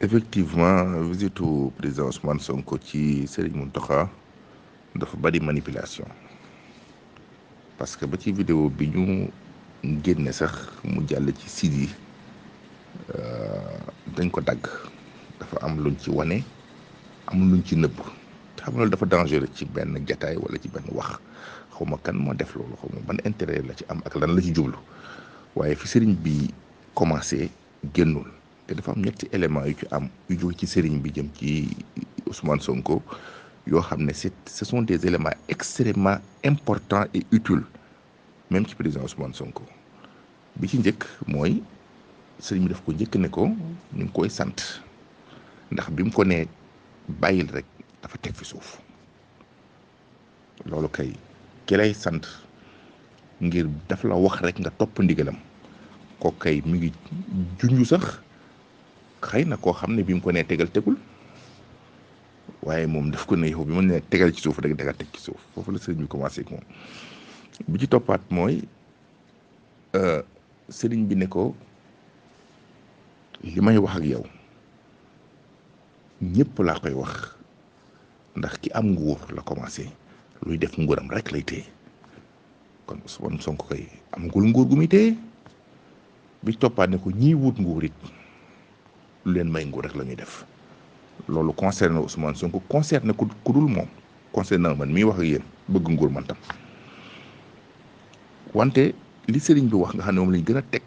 effectivement visite u président Ousmane Sonko ci Serigne toxa dafa bari manipilation parce que ba ci vidéo bi ñu génne sax mu jàll ci site yi euh, dañ ko dagg dafa am luñ ci wane am luñ ci nëbb te xam loolu dafa dangereux ci benn jataay wala ci benn wax xaw ma kan moo def loolu xawma ban intérêt la ci am ak lan la ci jublu waaye fi sëriñ bi commencé génnul te dafa am ñetti éléments yu ci am yu jóge ci sëriñ bi jëm ci Ousmane Sonko yoo xam ne c'est ce sont des éléments extrêmement important et utiles même ci président Ousmane Sonko bi ci njëkk mooy sëriñ bi daf ko njëkk ne ko ñu ngi koy sant ndax bi mu ko nee bàyyil rek dafa teg fi suuf loolu kay ki lay sant ngir daf la wax rek nga topp ndigalam ko kay mi ngi junju sax xëy na koo xam ne bi mu ko nee tegal tegul waaye moom def ko ne yow bi ma nee tegal ci suuf rek da teg ci suuf foofu la sëriñ bi commencé ak moom ci toppaat mooy euh, sëriñ bi ne ko li may wax ak yow ñëpp laa koy wax ndax ki am nguur la commencé luy def nguuram rek lay téye kon Ousmane sonk koy amagul nguur gu muy téye bi toppaat ne ko ñiy wut nguur it. lu leen may nguur rek la ñuy def loolu concerne Ousmane Sonko concerne ku ku dul moom concerne man mii wax ak yéen bëgg nguur man tam wante li sëriñ bi wax nga xam ne moom lañ gën a teg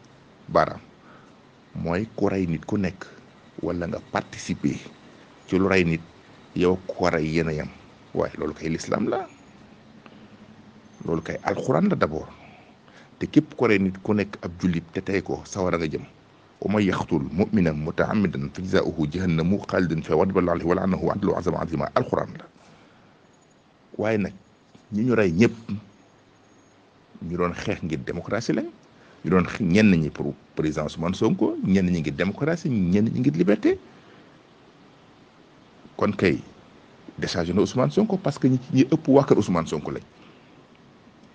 baaraam mooy ku rey nit ku nekk wala nga participer ci lu rey nit yow ku rey yéen a yam waaye loolu kay lislaam la loolu kay alxuraan la d'abord te képp ku rey nit ku nekk ab jullit te tey ko sawara nga jëm wa man yaqtul muminan mutaamidan fa jazaauhu jahannamu xaalidan fiihaa wa ghadiba Allaahu alayhi wa la'anahu wa 'adda lahu 'adaaban alxuraan waaye nag ñi ñu rey ñëpp ñu doon xeex ngir démocratie lañ ñu doon ñenn ñi pour président Ousmane Sonko ñenn ñi ngir démocratie ñenn ñi ngir liberté kon kay déchargé na Ousmane Sonko parce que ñi ñi ëpp waa kër Ousmane Sonko lañ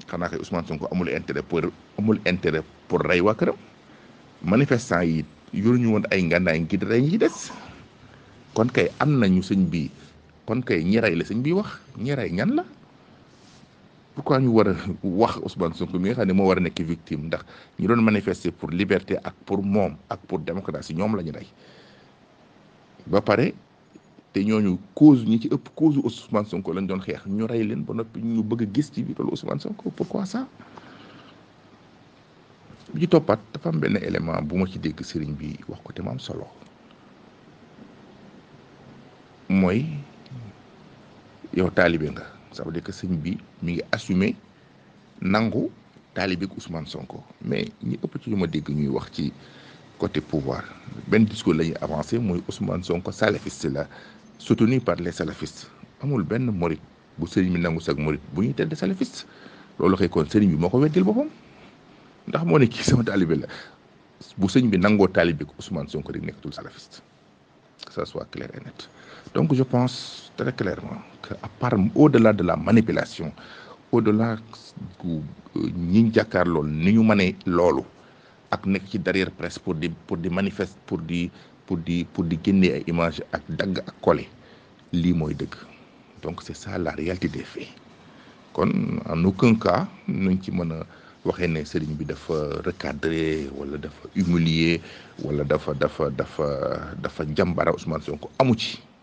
xanaa kay Ousmane Sonko amul intérêt pour amul intérêt pour rey waa këram. manifestant yi yoruñu woon ay ngànnaay ngir rey ñi des kon kay am ñu sëñ bi kon kay ñi rey la sëñ bi wax ñi rey ñan la pourquoi ñu war a wax Ousmane Sonko mi nga xam ne moo war a nekk victime ndax ñu doon manifester pour liberté ak pour moom ak pour démocratie ñoom la ñu ba pare te ñooñu cause ñi ci ëpp cause Ousmane Sonko lañ doon xeex ñu rey leen ba noppi ñu bëgg gis ci a biir loolu Ousmane Sonko pourquoi ça. bi ci toppaat dafa am benn élément bu ma ci dégg sëriñ bi wax ko te ma solo mooy yow taalibe nga ça veut dire que sëñ bi mi ngi assumer nangu taalibe Ousmane Sonko mais ñi ëpp ci ñu ma dégg ñuy wax ci côté pouvoir benn discours la ñuy avancé mooy Ousmane Sonko salafiste la soutenu par les salafistes amul benn morit bu sëriñ bi nangu sag morit bu ñuy tedd salafiste loolu xëy kon sëriñ bi moo ko weddil boppam. ndax moo ne kii sama taalibe la bu sëñ bi nangoo taalibe ko Ousmane Sonko rek nekkatul salafiste que ça soit clair et net donc je pense très clairement que à au-delà de la manipulation au-delà gu euh, ñi jàkkaar lool ni ñu mënee loolu ak nekk ci derrière presse pour di pour di manifeste pour di pour di pour di génnee ay image ak dagg ak collé lii mooy dëgg donc c'est ça la réalité des faits kon en aucun cas nuñ ci mën a waxee ne sëriñ bi dafa recadré wala dafa humilier wala dafa dafa dafa dafa jàmbara Ousmane Sonko amu ci